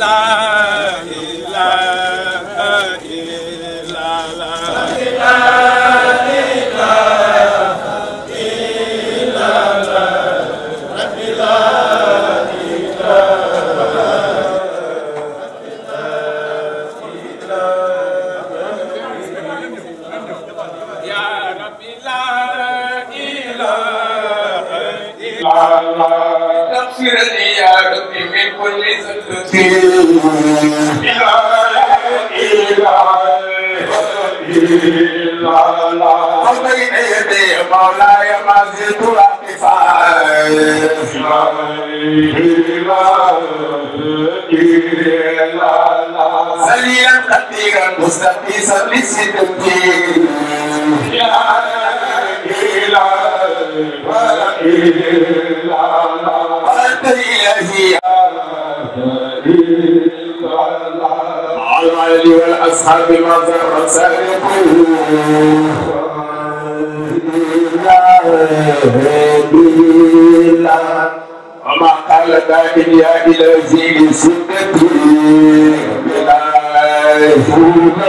la la واغفرني يا ربي من كل ذنب لا اله الا الله بين يدي مولاي مزيد الاتفاق لا اله الا الله سليا كثيرا مستقيسا لصدقي أنت إلهي على العلي والأصحاب ما وما قال دائم يا إلهي لسنتي بلا سنة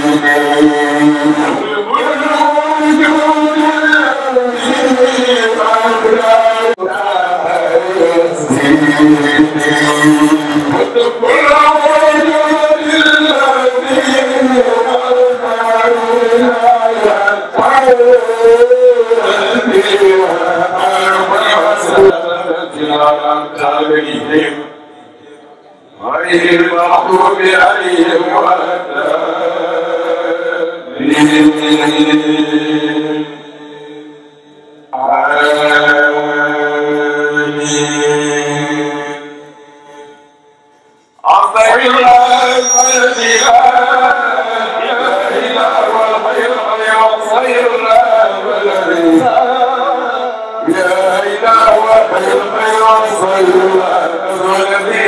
الذي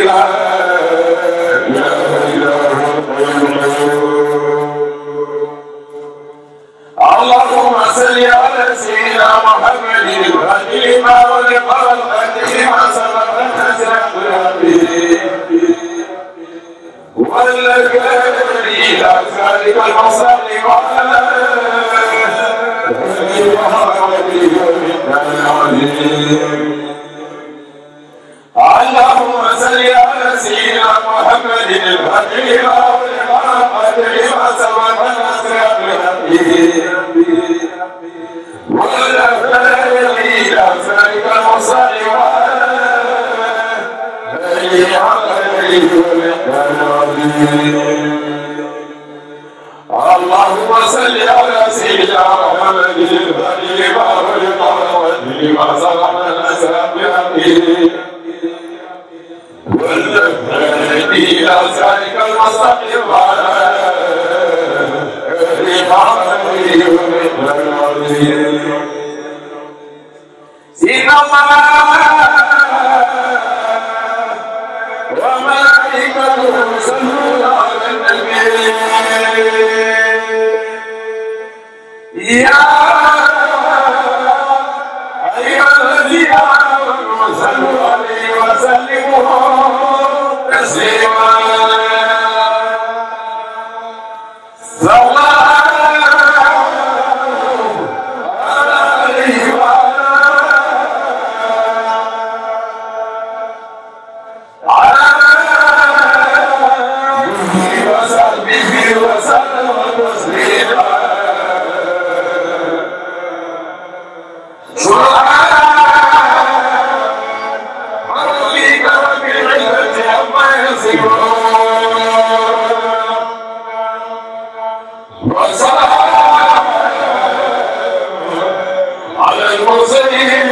لا Amen. يا عالم ربی و محمد Yeah. على المرسلين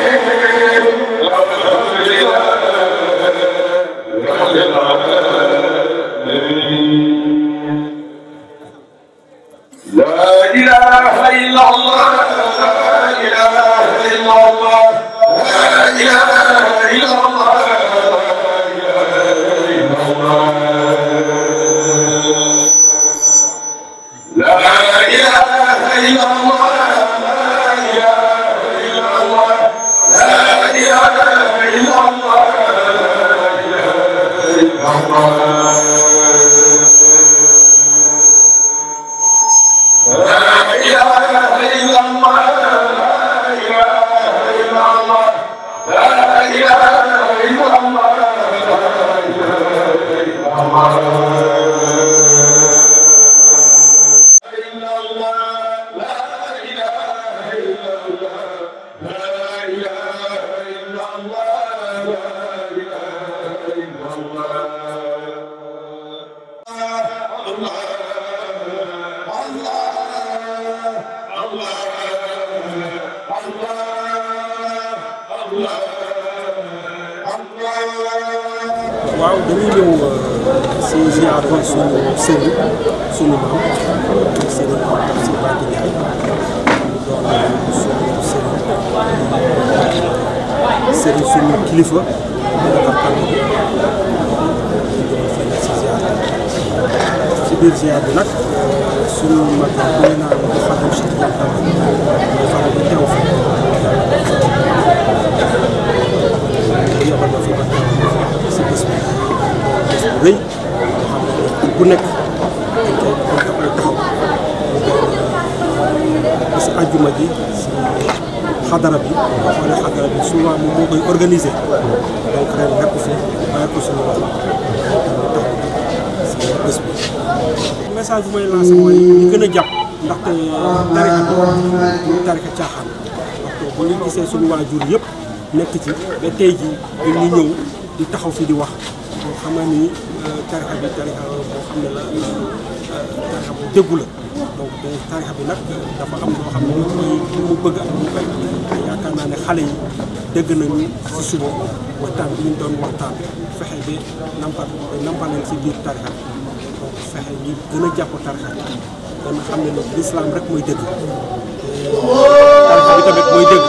Amen. waaw dañuy ñëw euh, si ziar suñu sëriñ suñu maam sëriñ Tafsir Mbacké Ndiaye doon suñu sëriñ sëriñ suñu kilifa biir ziar bi nag suñu bu ñu bu Fatou Cheikh Diakhoum Fatou bi ba si bés bi bés bu rëy boo koy organisé donc ren nekk fi bàyyi ko suñu wax message bu may lancé mooy ñu gën a jàpp ndaxte euh, tarixa bi tarixa caaxaan ndaxte bu ñu gisee suñu waajur yëpp nekk ci ba tey ji ñu ñëw di taxaw fi di wax euh, boo xam ne ni tarixa bi tarixa bu déggu la euh, tarixa bi nag dafa am loo xam ne mu bëgg ak mu bëgg xale yi dégg bi ñu doon si biir tarixa fexe ñu gën a jàpp tarxa kon xam ne nag lislaam rek mooy dëgg tarxa bi tamit mooy dëgg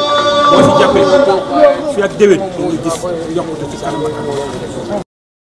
boo si jàppee fi ak déwén da ngay gis yokkute ci kanam